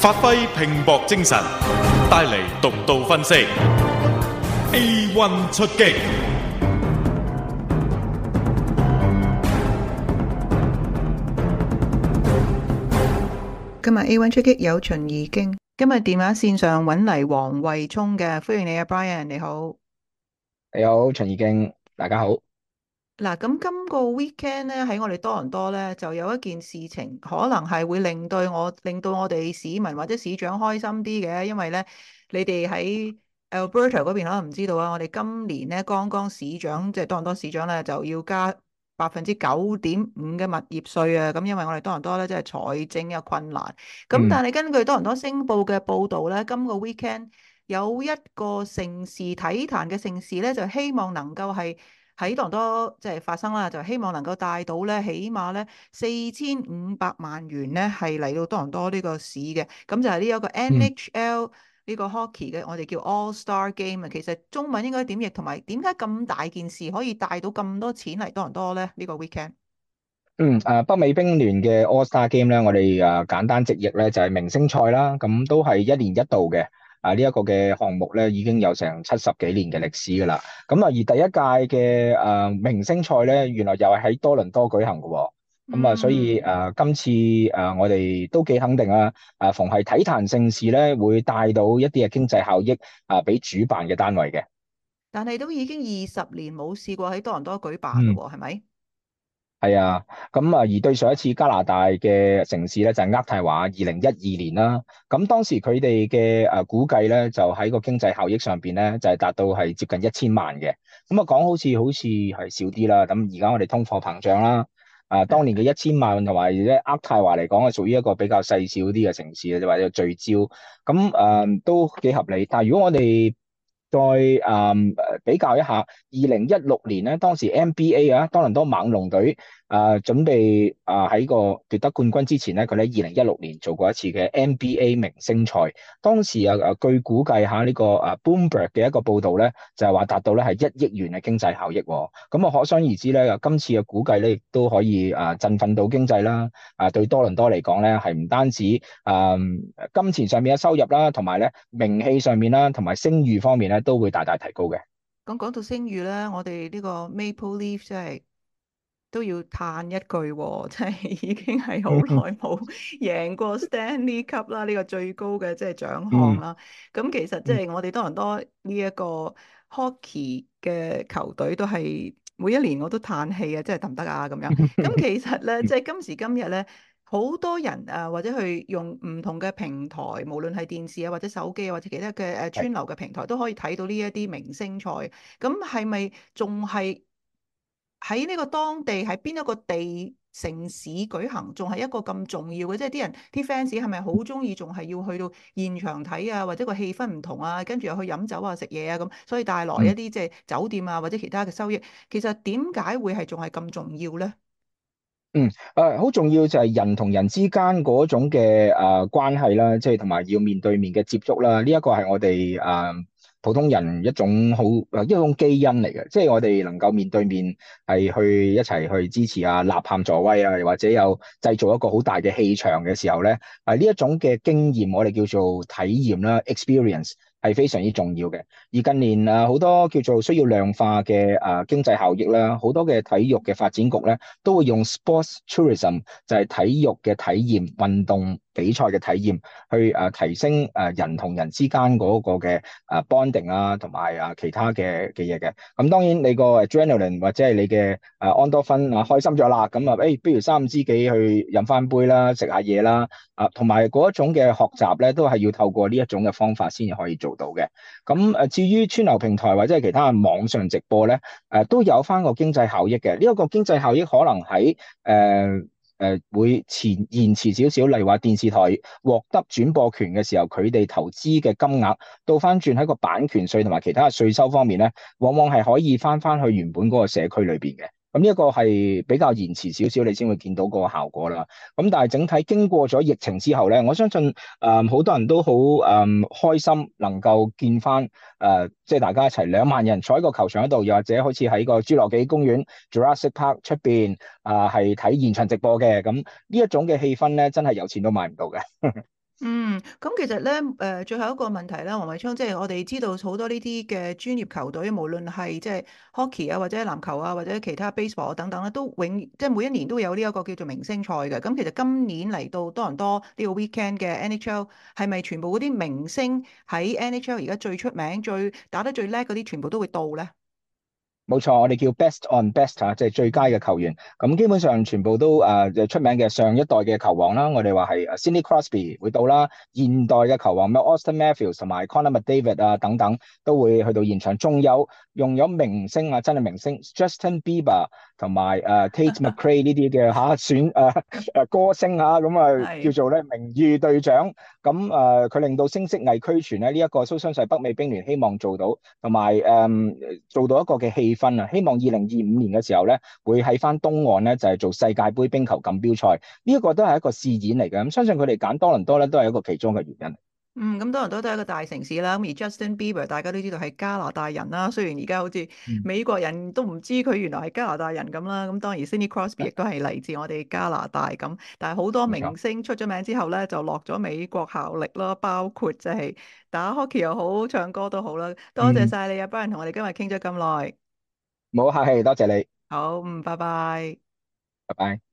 發揮拼搏精神，帶嚟獨到分析。A one 出擊，今日 A one 出擊有秦怡經。今日電話線上揾嚟黃惠聰嘅，歡迎你啊，Brian，你好。你好，秦怡經，大家好。嗱，咁今個 weekend 咧喺我哋多倫多咧，就有一件事情可能係會令到我，令到我哋市民或者市長開心啲嘅，因為咧，你哋喺 Alberta 嗰邊可能唔知道啊，我哋今年咧剛剛市長即係多倫多市長咧就要加百分之九點五嘅物業稅啊，咁因為我哋多倫多咧即係財政有困難。咁但係根據多倫多星報嘅報導咧，今、今個 weekend 有一個城市體壇嘅城市咧，就希望能夠係，喺多倫多即係發生啦，就希望能夠帶到咧，起碼咧四千五百萬元咧係嚟到多倫多呢個市嘅。咁就係呢有個 NHL 呢個 hockey 嘅，我哋叫 All Star Game 啊。其實中文應該點譯？同埋點解咁大件事可以帶到咁多錢嚟多倫多咧？呢個 weekend。嗯，啊，北美冰聯嘅 All Star Game 咧，我哋啊，簡單直譯咧就係明星賽啦。咁都係一年一度嘅。啊！呢、這、一個嘅項目咧，已經有成七十幾年嘅歷史噶啦。咁啊，而第一屆嘅誒、呃、明星賽咧，原來又係喺多倫多舉，舉行嘅、哦。咁、嗯、啊，所以誒、呃、今次誒、呃、我哋都幾肯定啊。誒，逢係體壇盛事咧，會帶到一啲嘅經濟效益啊，俾主辦嘅單位嘅。但係都已經二十年冇試過喺多倫多舉辦、哦，係咪、嗯？係啊，咁啊而對上一次加拿大嘅城市咧就係渥太華，二零一二年啦，咁當時佢哋嘅誒估計咧就喺個經濟效益上邊咧就係達到係接近 1, 好像好像一千萬嘅，咁啊講好似好似係少啲啦，咁而家我哋通貨膨脹啦，啊當年嘅一千萬同埋咧渥太華嚟講係屬於一個比較細小啲嘅城市啊，或者聚焦，咁誒、呃、都幾合理，但係如果我哋。再啊，比較一下二零一六年咧，當時 NBA 啊，多倫多猛龍隊。啊，準備啊喺個奪得冠軍之前咧，佢咧二零一六年做過一次嘅 NHL 明星賽，當時啊啊據估計下呢、啊呢個啊 Bloomberg 嘅一個報導咧，就係話達到咧係一億元嘅經濟效益。咁啊，可想而知咧、啊，今次嘅估計咧亦都可以啊振奮到經濟啦。啊，對多倫多嚟講咧，係唔單止啊金錢上面嘅收入啦，同埋咧名氣上面啦，同埋聲譽方面咧，都會大大提高嘅。咁講到聲譽咧，我哋呢個 Maple Leaf 即係～都要嘆一句、哦，即係已經係好耐冇贏過 Stanley Cup 啦，呢、這個最高嘅，即係獎項啦。咁 其實即係我哋多倫多呢一個 hockey 嘅球隊，都係每一年我都嘆氣啊，即係得唔得啊？咁樣，咁其實咧，即、就、係、是、今時今日咧，好多人誒、啊、或者去用唔同嘅平台，無論係電視啊，或者手機啊，或者其他嘅誒串流嘅平台，都可以睇到呢一啲明星賽。咁係咪仲係？喺呢個當地喺邊一個地城市舉行，仲係一個咁重要嘅。即係啲人啲 fans 係咪好中意，仲係要去到現場睇啊？或者個氣氛唔同啊，跟住又去飲酒啊、食嘢啊咁，所以帶來一啲即係酒店啊或者其他嘅收益。其實點解會係仲係咁重要咧？嗯，誒，好重要就係人同人之間嗰種嘅誒關係啦，即係同埋要面對面嘅接觸啦。呢一個係我哋誒。普通人一種好啊一種基因嚟嘅，即係我哋能夠面對面係去一齊去支持啊、吶喊助威啊，又或者有製造一個好大嘅氣場嘅時候咧，啊呢一種嘅經驗我哋叫做體驗啦，experience 係非常之重要嘅。而近年啊好多叫做需要量化嘅啊經濟效益啦，好多嘅體育嘅發展局咧都會用 sports tourism 就係體育嘅體驗運動。比賽嘅體驗，去誒提升誒人同人之間嗰個嘅誒 bonding 啊，同埋啊其他嘅嘅嘢嘅。咁當然你個 adrenaline 或者係你嘅誒安多芬啊，開心咗啦。咁啊誒，不、欸、如三五知己去飲翻杯啦，食下嘢啦。啊，同埋嗰一種嘅學習咧，都係要透過呢一種嘅方法先至可以做到嘅。咁、嗯、誒，至於串流平台或者係其他網上直播咧，誒、呃、都有翻個經濟效益嘅。呢、這、一個經濟效益可能喺誒，呃誒、呃、會延遲少少，例如話電視台獲得轉播權嘅時候，佢哋投資嘅金額倒返轉喺個版權稅同埋其他稅收方面咧，往往係可以返返去原本嗰個社區裏邊嘅。咁呢一個係比較延遲少少，你先會見到個效果啦。咁、嗯、但係整體經過咗疫情之後咧，我相信誒好、呃、多人都好誒、呃、開心能夠，能夠見翻誒即係大家一齊兩萬人坐喺個球場度，又或者好似喺個侏羅紀公園 Jurassic Park 出邊啊，係、呃、睇現場直播嘅。咁、嗯、呢一種嘅氣氛咧，真係有錢都買唔到嘅。 嗯，咁、嗯、其實咧，誒、呃、最後一個問題咧，黃偉昌，即、就、係、是、我哋知道好多呢啲嘅專業球隊，無論係即係 hockey 啊，或者籃球啊，或者其他 baseball 等等咧，都永即係每一年都有呢一個叫做明星賽嘅。咁、嗯、其實今年嚟到多倫多呢、這個 weekend 嘅 NHL，係咪全部嗰啲明星喺 NHL 而家最出名、最打得最叻嗰啲，全部都會到咧？冇錯，我哋叫 best on best 嚇，即係最佳嘅球員。咁基本上全部都誒出名嘅上一代嘅球王啦。我哋話係 Sidney Crosby 會到啦，現代嘅球王咩 Austin Matthews 同埋 Connor McDavid 啊，等等都會去到現場。仲有用咗明星啊，真係明星 Justin Bieber 同埋誒 Tate McRae 呢啲嘅嚇選誒誒歌星嚇咁啊，叫做咧名譽隊長。咁誒佢令到聲色藝俱全咧呢一個蘇珊世北美冰聯希望做到，同埋誒做到一個嘅氣氛。希望二零二五年嘅時候咧，會喺翻東岸咧，就係、是、做世界盃冰球錦標賽。呢、這個、一個都係一個試驗嚟嘅。咁相信佢哋揀多倫多咧，都係一個其中嘅原因。嗯，咁多倫多都係一個大城市啦。咁而 Justin Bieber 大家都知道係加拿大人啦。雖然而家好似美國人都唔知佢原來係加拿大人咁啦。咁、嗯、當然 Sidney、嗯、Crosby 亦都係嚟自我哋加拿大咁。但係好多明星出咗名之後咧，就落咗美國效力咯。包括就係打 hockey 又好，唱歌都好啦。多謝晒你一班人同我哋今日傾咗咁耐。冇客氣，多謝你。好，嗯，拜拜。拜拜。